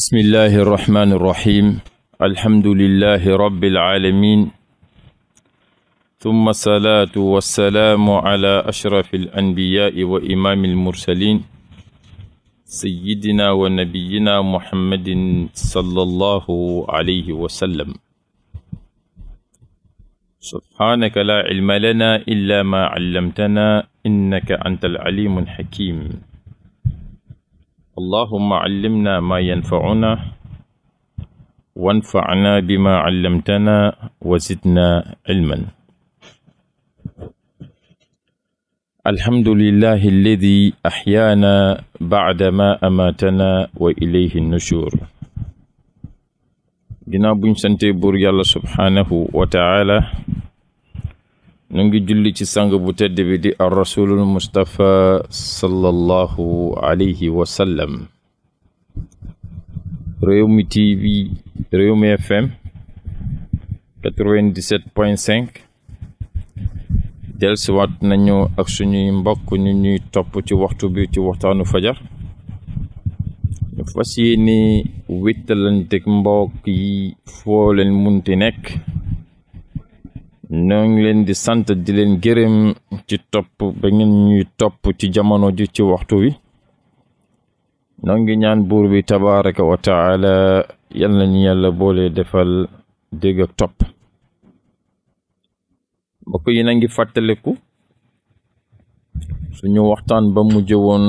bismillahi irrahmani irrahim alhamdulillahi rabbil alamin summa salaatu wassalaamu ala ashrafi al anbiyaai wa imaami almursalin sayidina wa nabiyina muhammadin sallallahu alayhi wa sallam subhaanaka laa cilma lana illa maa callamtana innaka anta alcalimu alxakim allahuma callimna maa yanfacunaa wanfacnaa bimaa callamtanaa wa zidnaa cilman alhamdulillahi alladi axyaanaa bacda maa amaatanaa wa ilayhi nushuur ginnaaw buñ sante buur yàlla subhaanahu wa taala nu ngi julli ci sang bu tedd bi di ar rasulul mustapha sallallahu alayhi wa sallam Rewmi TV Rewmi FM 97 delsiwaat nañu ak suñuy mbokk ñu ñuy topp ci waxtu bi ci waxtaanu fajar ñu fas yéene wéttalanteeg mbokk yi foo leen munti nekk ñoo ngi leen di sant di leen gërëm ci topp ba ngeen ñuy topp ci jamono ji ci waxtu wi ñoo ngi ñaan buur bi tabaraka wa taala yal ñu yàlla boole defal dégg topp mbokk yi na ngi fàttaliku suñu waxtaan ba mujj woon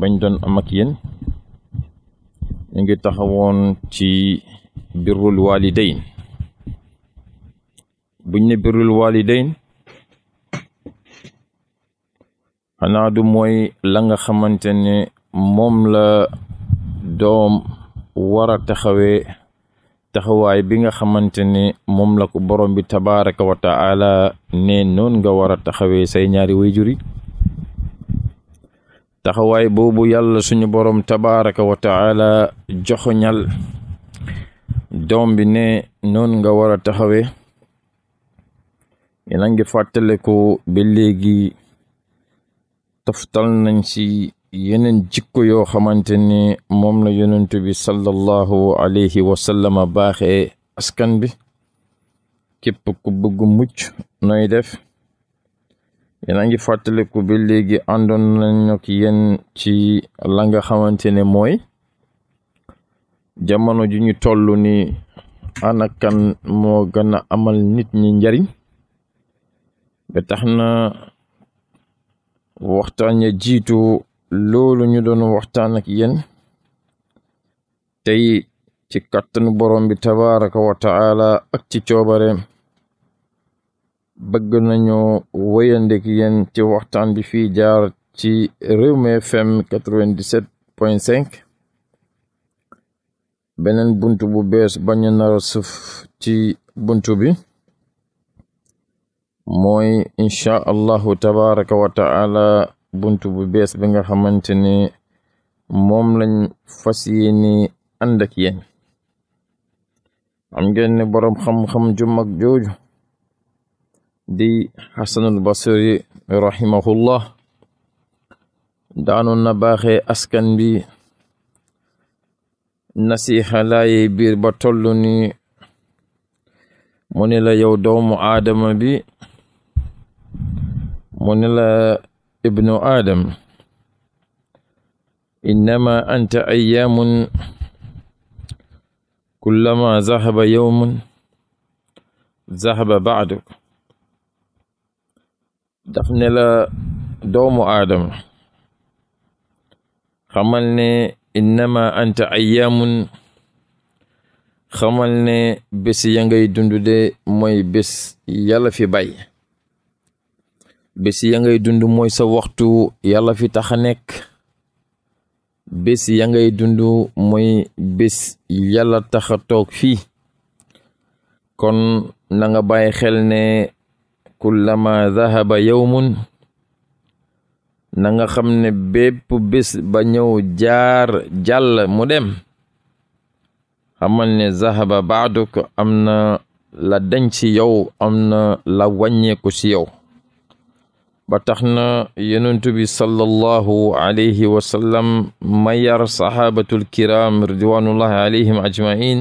bañ doon am ak yéen ñu ngi taxawoon ci birrul waalidayn buñ ne birrul walidayn xanaa du mooy la nga xamante ne moom la doom wara a taxawee taxawaay bi nga xamante ne moom la ko borom bi tabaraka wa taala ne noon nga war a taxawee say ñaari wayjuri taxawaay boobu yàlla suñu borom tabaraka wa taala joxoñal doom bi ne noon nga war a taxawee yéen a ngi fàttaliku ba léegi toftal nañ ci yeneen jikko yoo xamante ni moom la yonent bi sallallahu alayhi wa sallama baaxee askan bi képp ku bëgg mucc nooy def yéen a ngi fàttaliku ba léegi àndoon nañu ak yéen ci la nga xamante ne mooy jamono ji ñu toll ni ana kan moo gën a amal nit ñi njariñ ba tax na waxtaan ya jiitu loolu ñu doon waxtaan ak yéen tey ci kàttanu borom bi tabaraka wa ak ci coobareem bëgg nañu wéyandik yen ci waxtaan bi fii jaar ci Rewmi FM 97.5 beneen buntu bu bees bañ a nar ci buntu bi mooy inchaa allahu tabaraka wa ta'ala bu bees bi nga xamante ne moom lañ fas yéene ànd ak yéen am ngeen ne boroom xam-xam ju mag jooju di xasanul basri rahimahullah daanoon na baaxee askan bi nasixa laaye biir ba toll ni mu la yow doomu aadama bi mu ne la ibnu aadam innama anta ayyaamun kullama zahaba yowmun zahaba baadu daf ne la doomu aadam xamal ne innama anta ayyaamun xamal ne bés ya ngay dundude mooy bés yàlla fi bay bés ya ngay dund mooy sa waxtu yàlla fi tax nekk bés ya ngay dund mooy bés yàlla tax toog fii kon na nga bàyyi xel ne kullama dahaba yawmun na nga xam ne bépp bés ba ñëw jaar jàll mu dem xamal ne zahaba baaduk am na la denc yow am na la wàññeeku ci yow ba tax na yenentu bi sallallahu alayhi wa mayar saxaabatul kiram ridwanullahi alayhim ajmain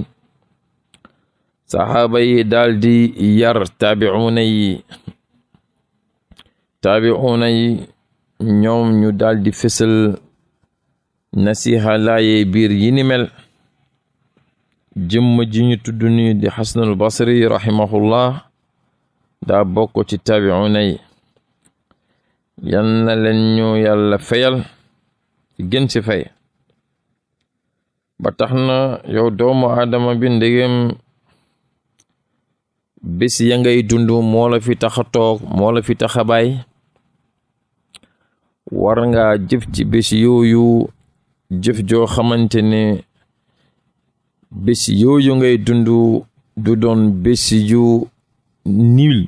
saxaaba yi di yar taabi'uuna yi ñoom ñu daal di fësal nasiha laayee biir yi ni mel jëmm ji ñu di xasanul basri rahimahullah daa bokk ci taabi'uuna yal na leen ñu yàlla fayal ci gën ci fay ba tax na yow doomu aadama bi ndegem bés ya ngay dund fi tax toog moo fi tax a baay war nga jëf ci yooyu jëf joo xamante ne bés yooyu ngay dund du doon bés yu niil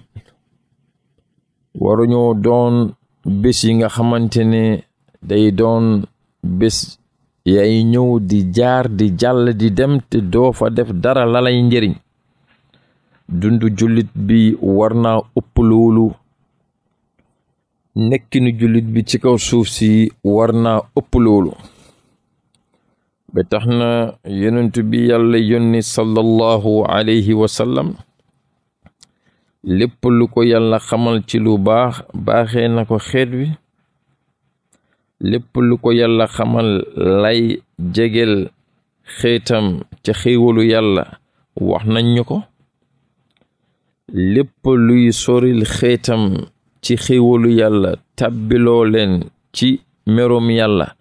waruñoo doon bés yi nga xamante ne day doon bés yay ñëw di jaar di jàll di dem te doo def dara la lay njëriñ dundu jullit bi war naa ëpp nekkinu jullit bi ci kaw suuf si war naa ëpp loolu tax na yonent bi yàlla yónni sallallahu alayhi wa lépp lu ko yàlla xamal ci lu baax baaxe na ko xeet wi lépp lu ko yàlla xamal lay jegel xeetam ci xiwalu yàlla wax nañ ñu ko lépp luy soril xeetam ci xiwalu yàlla tàbbiloo leen ci merom yàlla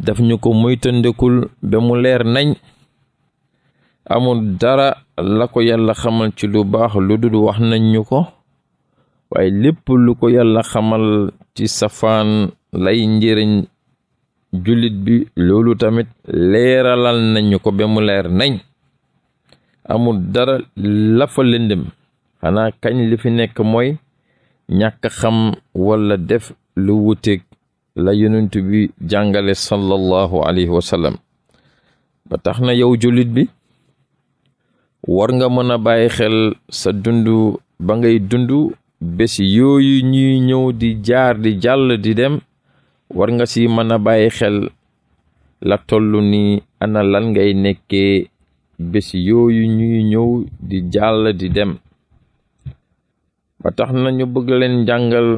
daf ñu ko moytandekul ba mu leer nañ amul dara la ko yàlla xamal ci lu baax lu dul wax nañ ñu ko waaye lépp lu ko yàlla xamal ci safaan lay njëriñ jullit bi loolu tamit leeralal nañu ko ba mu leer nañ amul dara la fa lëndëm xanaa kañ li fi nekk mooy ñàkk xam walla def lu wuteeg la yonent bi jàngale sallallahu alayhi wa ba tax na yow jullit bi war nga mën a bàyyi xel sa dund ba ngay dundu bés yooyu ñuy ñëw di jaar di jàll di dem war nga si mën a bàyyi xel la toll ni ana lan ngay nekkee bés yooyu ñuy ñëw di jàll di dem ba tax nañu ñu bëgg leen jàngal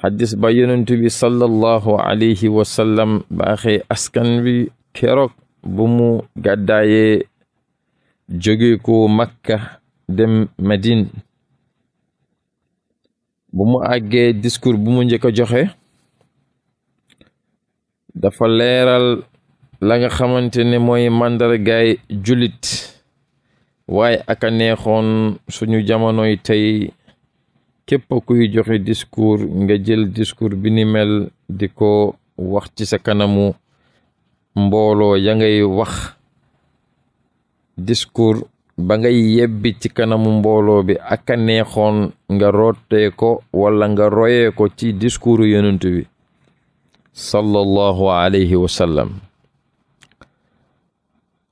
xaddis ba yonent bi sallallahu alayhi wa sallam baaxee askan wi keroog bu mu gàddaayee jóge ko makka dem medin bu mu àggee discours bu mu njëkk a joxe dafa leeral la nga xamante ni mooy màndargaay jullit waaye aka neexoon suñu jamonoy tey képp kuy joxe diskuur nga jël discours bi ni mel di ko wax ci sa kanamu mbooloo ya ngay wax discours ba ngay yebbi ci kanamu mbooloo bi ak a neexoon nga rootee ko wala nga royee ko ci discours yonent bi sallallahu alayhi wa sallam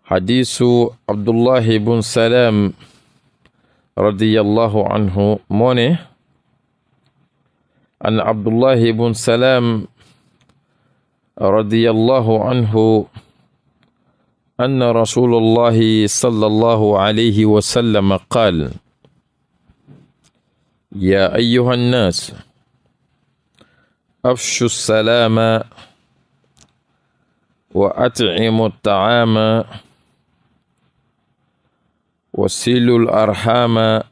xadiisu abdullahi bun salaam radiyallahu anhu moo ne an abdullahi bun salaam radiyallahu anhu anna rasulullahi sallallahu alayhi wa sallam qaal yaa ayyuha nnaas afshu salaama wa at'imu ta'aama wa silul arhaama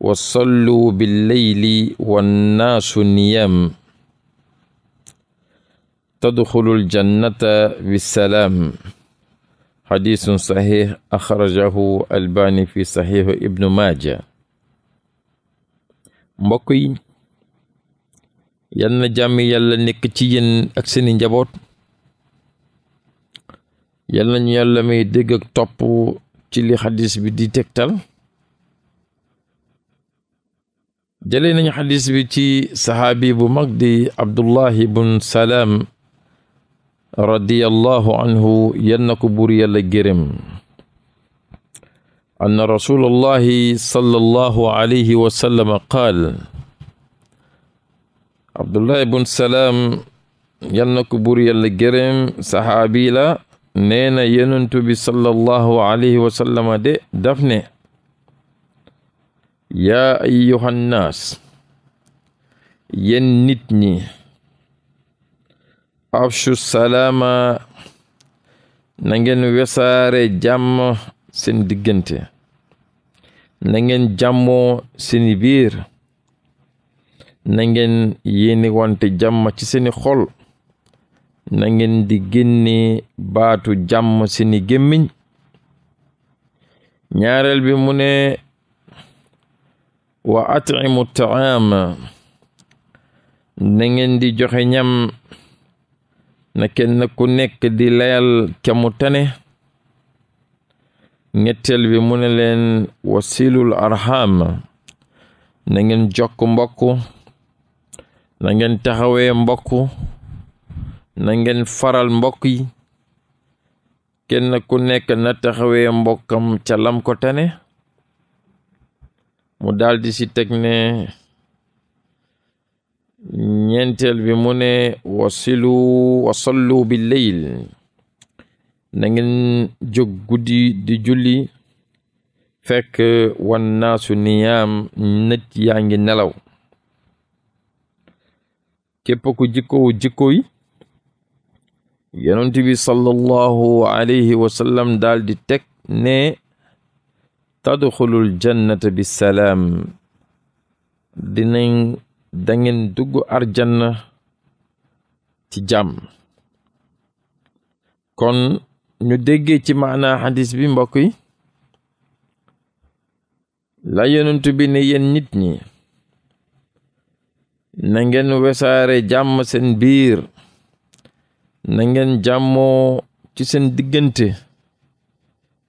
wa sallu bil layli wannaasu niyam tadxulul jannata bisalaam xadisun saxiix axrajahu albaani fi saxiixu ibnu maaja mbokk yi yal na jàmm yàlla nekk ci seeni njaboot yal nañu yàlla mi dégg ak topp ci li xadis bi di tegtal jëlee nañu xadis bi ci saxaabi bu mag di abdullahi bun salaam radiyallahu anhu yan na ko buur yàlla gërëm anna rasulallahi sallallahu alayhi qaal abdullahi bun salaam yan na ko buur yàlla gërëm saxaabi la nee na yenentu bi sallallahu de daf ne yaa ayyuhan naas afshu salaama na ngeen wesaare jàmm seen diggante na ngeen jàmmoo seen biir na ngeen wante jàmm ci seeni xol na ngeen di génne baatu jàmm seeni gémmiñ ñaareel bi mu ne wa atimu taama na ngeen di joxe ñam na kenn ku nekk di layal ca tane ñetteel bi mu ne leen wasilul arham na ngeen jokk mbokk na ngeen taxawee mbokk na ngeen faral mbokk yi kenn ku nekk na taxawee mbokkam ca lam ko tane mu daldi ci teg ne ñeenteel bi mune ne wasilu wasallu bi leyl na ngeen jóg guddi di julli fekk wan naasu niyaam nit yaa ngi nelaw képp ku jikkowu jikko yi yonent bi sallallahu alayhi wa sallam daal teg ne tadxulul jannata bi salaam dinañ dangeen dugg arjanna ci jàmm kon ñu déggee ci maanaa xadis bi mbokk yi la yonent bi ne yéen nit ñi na ngeen wesaare jàmm seen biir na ngeen jàmmoo ci seen diggante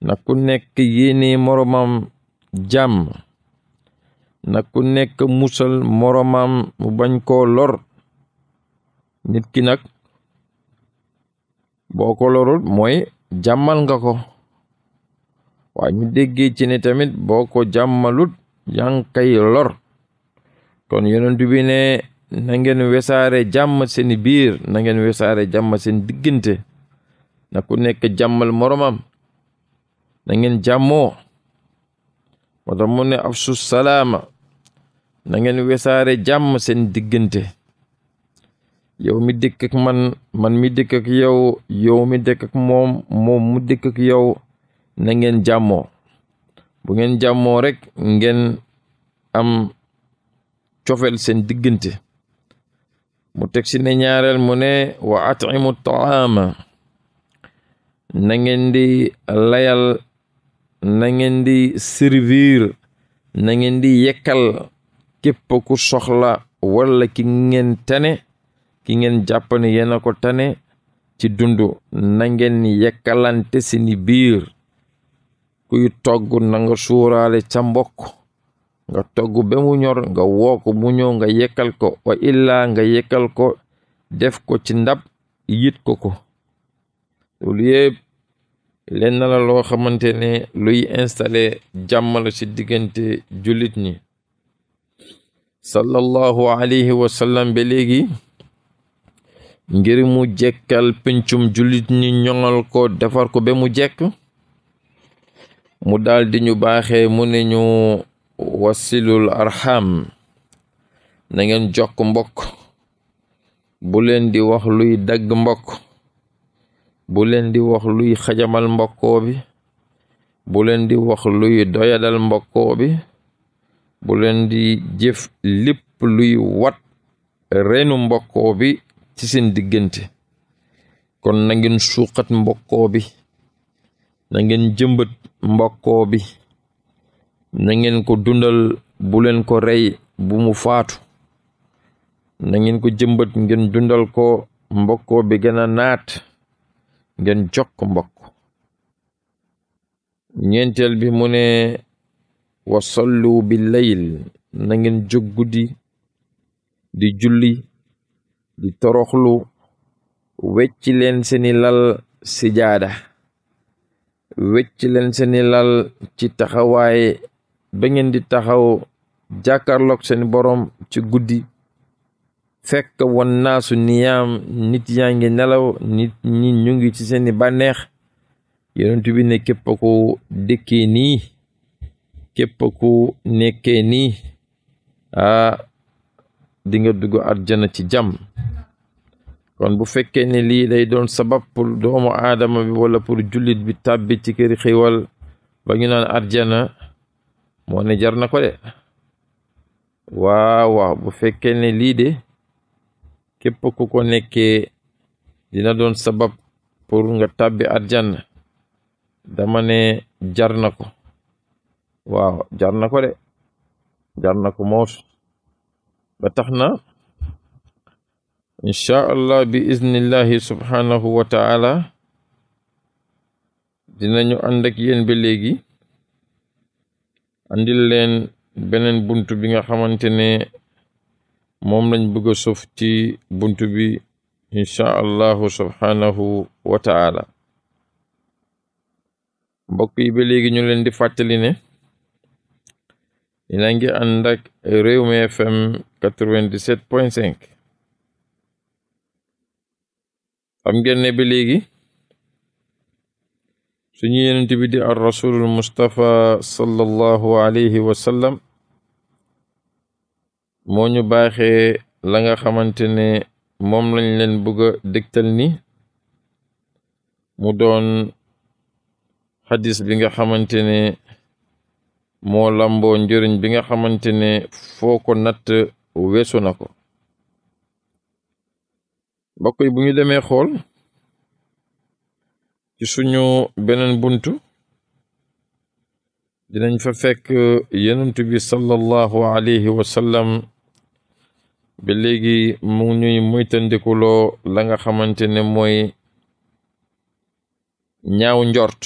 na ku nekk yéene moromam jàmm na ku nekk musal moromam mu bañ koo lor nit ki nag boo ko lorul mooy jàmmal nga ko waaye ñu ci ne tamit boo ko jàmmalut yaa lor kon yonent bi ne na ngeen wesaare jàmm seen biir na wesaare jàmm seen diggante na ku nekk jàmmal moromam na ngeen jàmmoo moo tax mu ne afsu salaama na ngeen wesaare jàmm seen diggante yow mi dëkk ak man mi dëkk ak yow yow mi dëkk ak moom moom mu dëkk ak yow na ngeen jàmmoo bu ngeen jàmmoo rekk ngeen am cofeel seen diggante mu teg si ne ñaareel mu ne wa atimu taama na ngeen di layal na ngeen di servir na ngeen di yekkal képp ku soxla walla ki ngeen tane ki ngeen jàpp ne ko tane ci dund na ngeen yekkalante seeni biir kuy togg na nga suuraale ca mbokk nga togg ba mu ñor nga wooko ko mu ñëw nga yekkal ko wa illaa nga yekkal ko def ko ci ndab yit ko ko loolu yëpp lenn loo xamante ne luy installé jàmm ci diggante jullit ñi sallallahu alayhi wa sallam léegi ngir mu jekkal pencum jullit ñi ñoŋal ko defar ko ba mu jekk mu daldi ñu baaxe mu ne ñu wasilul arham na jokk mbokk bu leen di wax luy dagg mbokk bu leen di wax luy xajamal mbokkoo bi bu leen di wax luy doyadal mbokkoo bi bu leen di jëf lépp luy wat reenu mbokkoo bi ci seen diggante kon na ngeen suuxat mbokkoo bi na ngeen mbokkoo bi na ngeen ko dundal bu ko rey bu mu faatu na ngeen ko jëmbat ngeen dundal ko mbokkoo bi gën a naat ngeen jokk mbokk ñeenteel bi mu ne wa sallu bi layl nangeen ngeen jóg guddi di julli di toroxlu wecci leen seeni lal sijaada wecci leen seeni lal ci taxawaay ba ngeen di taxaw jàkkaarloog seen boroom ci guddi fekk wan naasu niyaam nit yaa ngi nelaw nit ñi ñu ngi ci seeni bànneex yonent bi ne képp ko dëkkee nii képp ku nekkee nii ah di nga dugg àjjana ci jàmm kon bu fekkee ne lii day doon sabab pour doomu aadama bi wala pour jullit bi tàbbi ci kër xiwal ba ñu naan àjjana moo ne jar na ko de waaw waaw fekkee ne lii de képp ku ko nekke dina doon sabab pour nga tàbbi àjjana dama ne jar na ko waaw jar na ko de jar moos ba tax na inchaa allah bi iznillahi subhaanahu wa taala dinañu ànd ak yéen ba léegi andil leen beneen buntu bi nga xamante ne moom lañ bëgg a sof ci bunt bi inchaa allahu subhaanahu wa taala mbokk yi léegi ñu leen di fàttali ne yéen a ngi ànd ak Rewmi FM 97.5 xam ngeen ne ba léegi suñu yonent bi di ar rasulul Mustafa sallallahu alayhi wa sallam moo ñu baaxee la nga xamante ne moom lañ leen bëgg a dégtal ni mu doon xadis bi nga xamante ne moo lamboo njëriñ bi nga xamante ne foo ko natt weesu na ko mbokk yi bu ñu demee xool ci suñu beneen buntu dinañ fa fekk yenent bi sallallahu alayhi wa sallam léegi mu ñuy moytandikuloo la nga xamante ne mooy ñaaw njort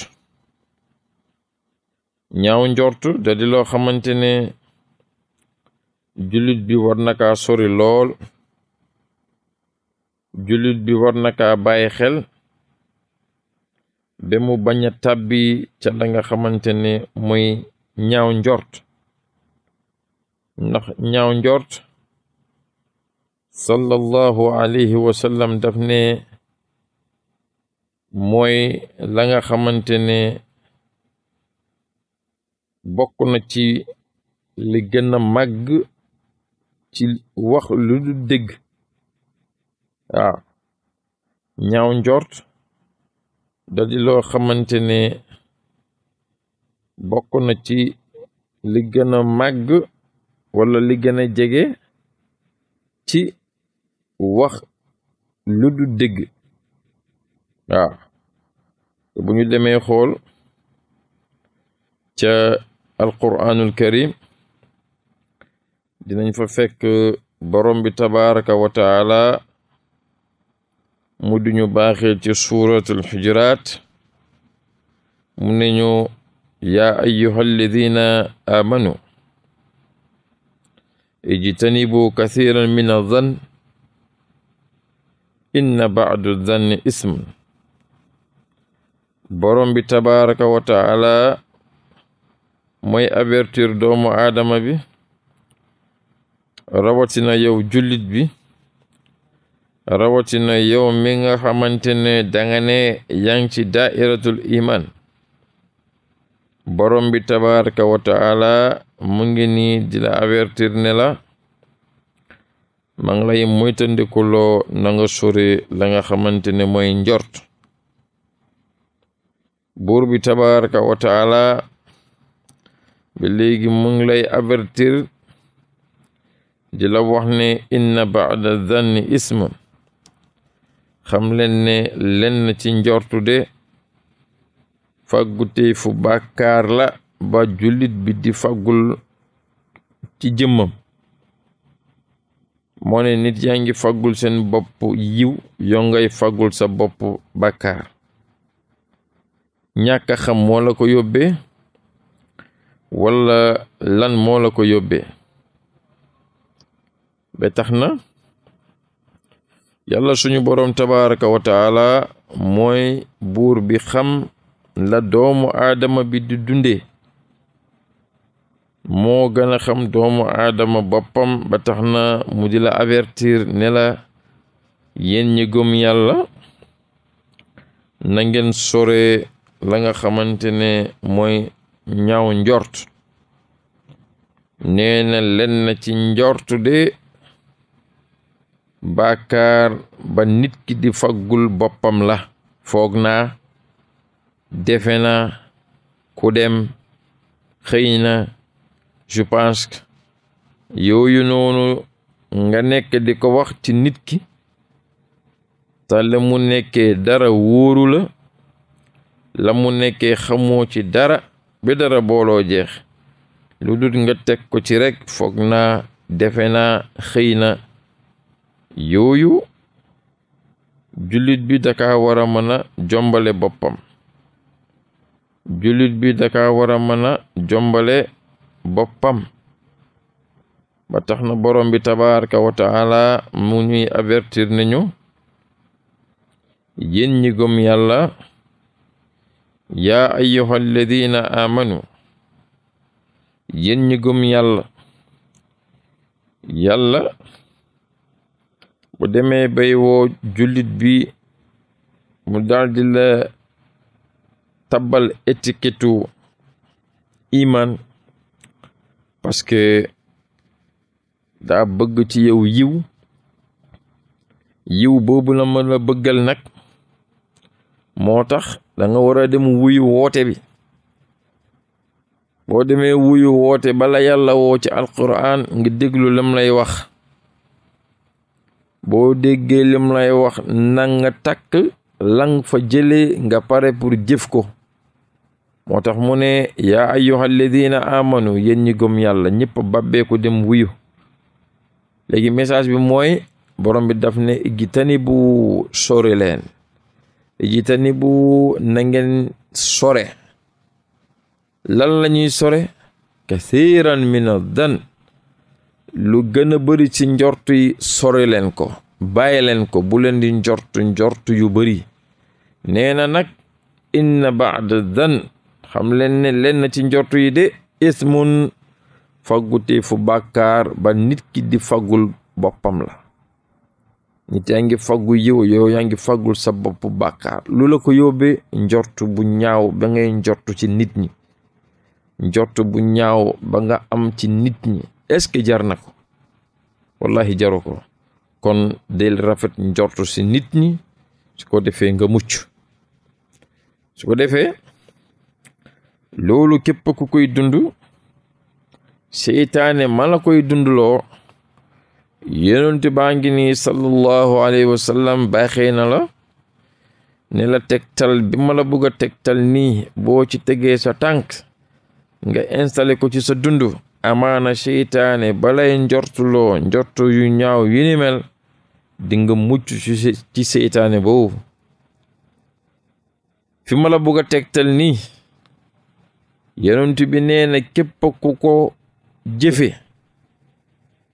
ñaaw njort da loo xamante ne julit bi war na sori lool julit bi war na kaa bàyyi xel ba mu bañ a tàbbi ca la nga xamante ne muy ñaaw njort ndax ñaaw njort sallallahu alayhi wa sallam daf ne mooy la nga xamante ne bokk na ci li gën a màgg ci wax lu du dégg waaw ñaaw njort da di loo xamante ne bokk na ci li gën a màgg wala li gën a jege ci wax lu du dégg waaw bu ñu demee xool ca alquraanul karim dinañ fa fekk borom bi tabaraka wa taala mu duñu baaxee ci suuratul xujuraat mu neñu yaa ayyuha alladina aamanu ijtanibu kathiran min azan inna ba'du zanni ism borom bi tabaraka wa taala moy avertir doomu aadama bi rawatina yow jullit bi rawatina yow mi nga xamante ne danga ne yaa ngi ci daairatul iman borom bi tabaraka wa taala mu ngi nii di la avertir ne la ma ngi lay moytandikuloo na nga sori la nga xamante ne mooy njort buur bi tabaraka wa ba léegi mu ngi lay avertir di la wax ne inna baada zanni isma xam leen lenn ci njortu de fàggutee fu bàkkaar la ba jullit bi di fàggul ci jëmmam moo ne nit yaa ngi faggul seen bopp yiw yoo faggul sa bopp bàkkaar ñàkk xam moo la ko yóbbee walla lan moo la ko yóbbee ba tax na yàlla suñu boroom tabaraka wa taala mooy buur bi xam la doomu aadama bi di dundee moo gën a xam doomu aadama boppam ba tax na mu di la awertir nela la yéen ñi gëm yàlla na ngeen sore la nga xamante ne ñaw njort nee na ci njortu de bàkkaar ba nit ki di faggul boppam la foog naa defe naa ku dem xëy na je pense yooyu noonu nga nekk di ko wax ci nit ki te dara wóoru la la mu nekkee xamoo ci dara bi dara booloo jeex lu dut nga teg ko ci rekk foog naa defe naa xëy na yooyu jullit bi daka war a mën jombale boppam jullit bi daka war a mën a jombale boppam ba tax na borom bi tabaraka wa taala mu ñuy avertir nañu yéen ñi gom yàlla yaa ayyuha alladina amanu yéen ñi gëm yàlla yàlla bu demee bay woo jullit bi mu daldi la tabbal étiquettu iman parce que daa bëgg ci yow yiw yiw boobu la mën a bëggal nag moo tax danga nga war a dem wuyu woote bi boo demee wuyu woote bala yàlla woo ci alquran nga déglu lam lay wax boo déggee lim lay wax na nga takk lang fa jële nga pare pour jëf ko moo tax mu ne yaa ayyuhal ladina amanu yéen ñi gëm yàlla ñëpp babbee ko dem wuyu léegi message bi mooy borom bi daf ne igi tani bu sori leen jitani bu na sore lan la ñuy sore kathiran min addan lu gën a bëri ci njort sore leen ko bàyyi leen ko bu leen di njortu njort yu bëri neena nag inna baada dan xam leen ne leen ci njortu yi de ismun faggute fu bàkkaar ba nit ki di faggul boppam la nit yaa ngi faggu yiw yow yaa ngi faggul sa bopp bàkkaar lu la ko yóbbee njortu bu ñaaw ba ngay njort ci nit ñi njortu bu ñaaw ba nga am ci nit ñi est jar na ko wallahi jaru ko kon del rafet njort ci nit ñi su ko defee nga mucc su ko defee loolu képp ku koy dund seytaane ma la koy loo yonent baa ngi nii sallallahu alayhi wa sallam baaxee na la ne la tegtal bi ma la bëgg a tegtal nii boo ci tegee sa tànk nga installé ko ci sa dund amaana seytaane balay njortuloo njort yu ñaaw yu ni mel di nga mucc ci seytaane boobu fi ma la tegtal nii yonent bi neena na ku ko jëfe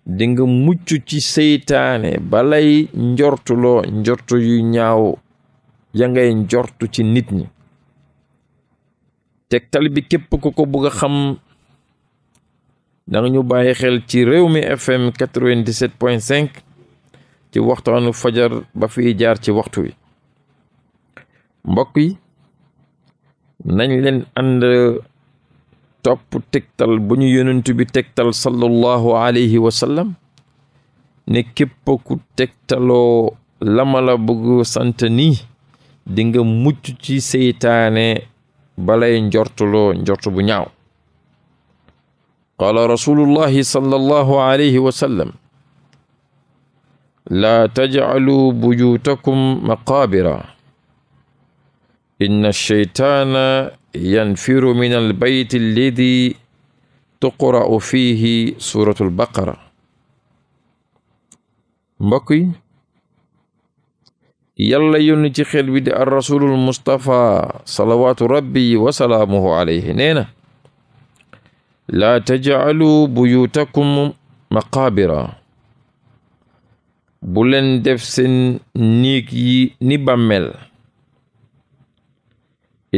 di nga mucc ci seytaane balay njortuloo njortu yu ñaaw ya ngay njortu ci nit ñi tegtal bi képp ko ko bëgg a xam danga ñu bàyyi xel ci réew mi fm 97.5 ci waxtaanu fajar ba fiy jaar ci waxtu wi mbokk yi nañ leen ànd topp tegtal bu ñu yonent bi tegtal sallallahu alayhi wa sallam ne képp ku tegtaloo lamala la bëgg sant nii di mucc ci seytaane balay njortuloo njort bu ñaaw qaala rasulullahi alayhi wa laa tajcaluu buyuutakum maqaabira yanfiru min al bayt alladi tuqra'u fiihi suratul baqara mbokk yi yàlla yónni ci xel bi di ar rasulul mustapha salawaatu rabbi wa salaamuhu alayhi nee na laa tajcaluu buyuutakum maqaabira bu leen def seen niig yi ni bàmmeel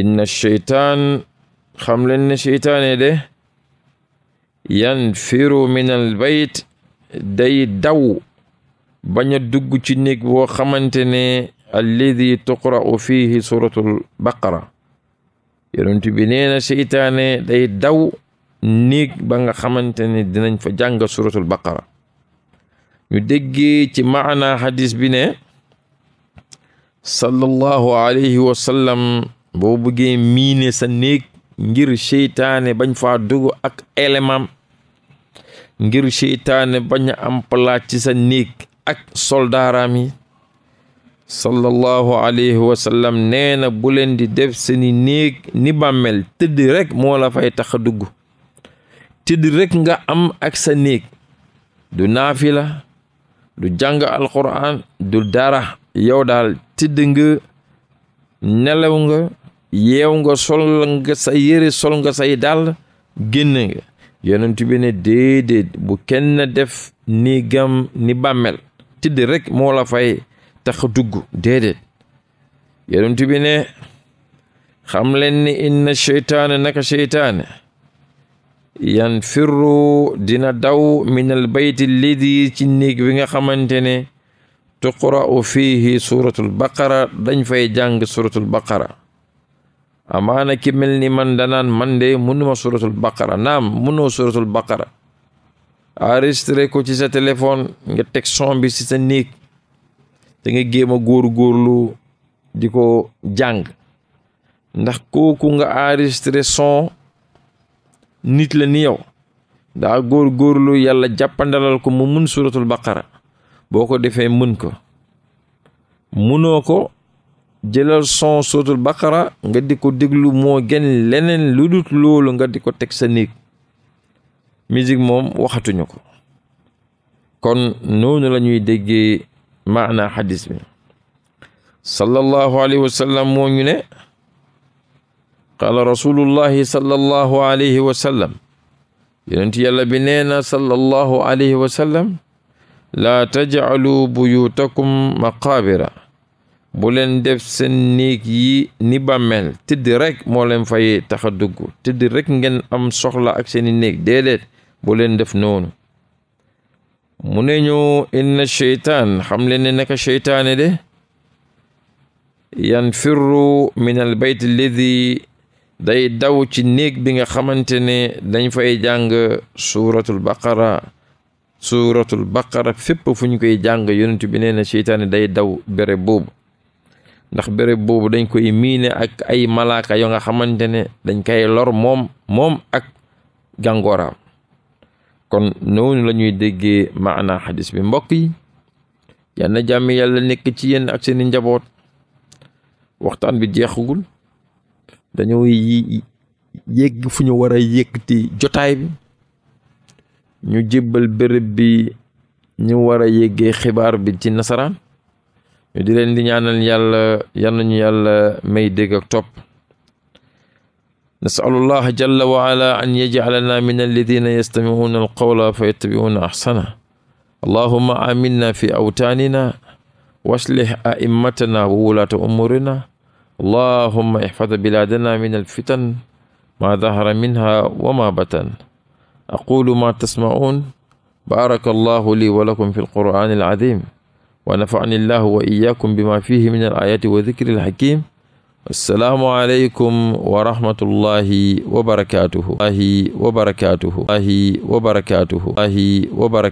inna sheytaan xam leen ne sheytaane de yanfiru min al bayt day daw bañ a dugg ci néeg boo xamante ne alladi tuqra'u fihi suratul baqara yonent bi nee na day daw néeg ba nga xamante ne dinañ fa jàng suratul baqara ñu déggee ci maana hadis bi sallallahu alayhi wa boo buggee miine sa néeg ngir seytaane bañ faa dugg ak élément ngir seytaane bañ a am palaat ci sa néeg ak soldaaraam yi sallallahu alayhi wa sallam nee na bu leen di def néeg ni bàmmeel tëdd rek moo la fay tax dugg tëdd rekk nga am ak sa néeg du naafila du jàng alquran du dara yow daal tëdd nga nelaw nga yeew nga sol nga sa yére sol nga say dàll génn nga yonent bi ne déedéet bu kenn def ni gam ni bàmmel tidd rek moo la fay tax dugg déedéet yonent bi ne xam leen ni inna seytaane naka seytaane yan firru dina daw minal bayti lidi ci néeg bi nga xamante ne tuqra'u fiihi suratul baqara dañ fay jàng suratul baqara amaana ki mel ni man danaan man de mënuma suratul baqara naam mënoo suratul baqara enregistré ko ci sa téléphone nga teg son bi ci sa néeg te nga géem a góor-góorlu di ko jàng ndax kooku nga enregistré son nit la ni yow daa góor-góorlu yàlla jàppandalal ko mu mun suratul baqara boo ko defee mën ko munoo ko jëlal son sootul baqara nga di ko déglu moo gën leneen lu dut loolu nga di ko teg sa néeg musique moom waxatuñu ko kon noonu la ñuy déggee maana xadis bi sallallahu alayhi wa sallam moo ñu ne qaala rasulullahi sallallahu alayhi wa sallam yonent yàlla bi nee na sallallahu alayhi wa sallam laa tajcalu buyutakum maqaabira bu leen def seen néeg yi ni bàmmeel tëdd rekk moo leen fay tax a dugg tëdd rek ngeen am soxla ak seeni néeg déedéet bu leen def noonu mu ne ñu inna cheytaan xam leen ne naka cheytaane de yanfirru min al bayt alladi day daw ci néeg bi nga xamante ne dañ fay jàng suuratul baqara suuratul baqara fépp fu ñu koy jàng yonent bi nee na cheytaane day daw bere boobu ndax bërëb boobu dañ koy miine ak ay malaaka yoo nga xamante ne dañ koy lor moom moom ak gàngooraam kon noonu lañuy ñuy déggee maana xadis bi mbokk yi yal na jàmm yàlla nekk ci yenn ak seeni njaboot waxtaan bi jeexagul dañoo yégg fu ñu war a yëkkati jotaay bi ñu jébbal bërëb bi ñu war a yéggee xibaar bi ci nasaraan ñu di leen di ñaanal yàlla yal nañu yàlla may dégg ak topp nasalullah jalla waala an yajcalana min alladina yastamicuuna alqawla fa yattabicuuna axsana allahuma aminna fi awtaanina wa aslih aimmatana wa wulaata umuurina allahuma ixfad bilaadana min alfitan maa dahara minha wa maa batan aquulu maa tasmacuun baaraka allahu lii wa lakum fi alqur'aani alcaziim wa nafani illahu wa iyaakum bima fihi min al ayati wa dikri al hakim assalaamu aleykum wa rahmatullahi wa barakatuhu ahi wa barakatuhu ahi wa barakatuhu ahi wa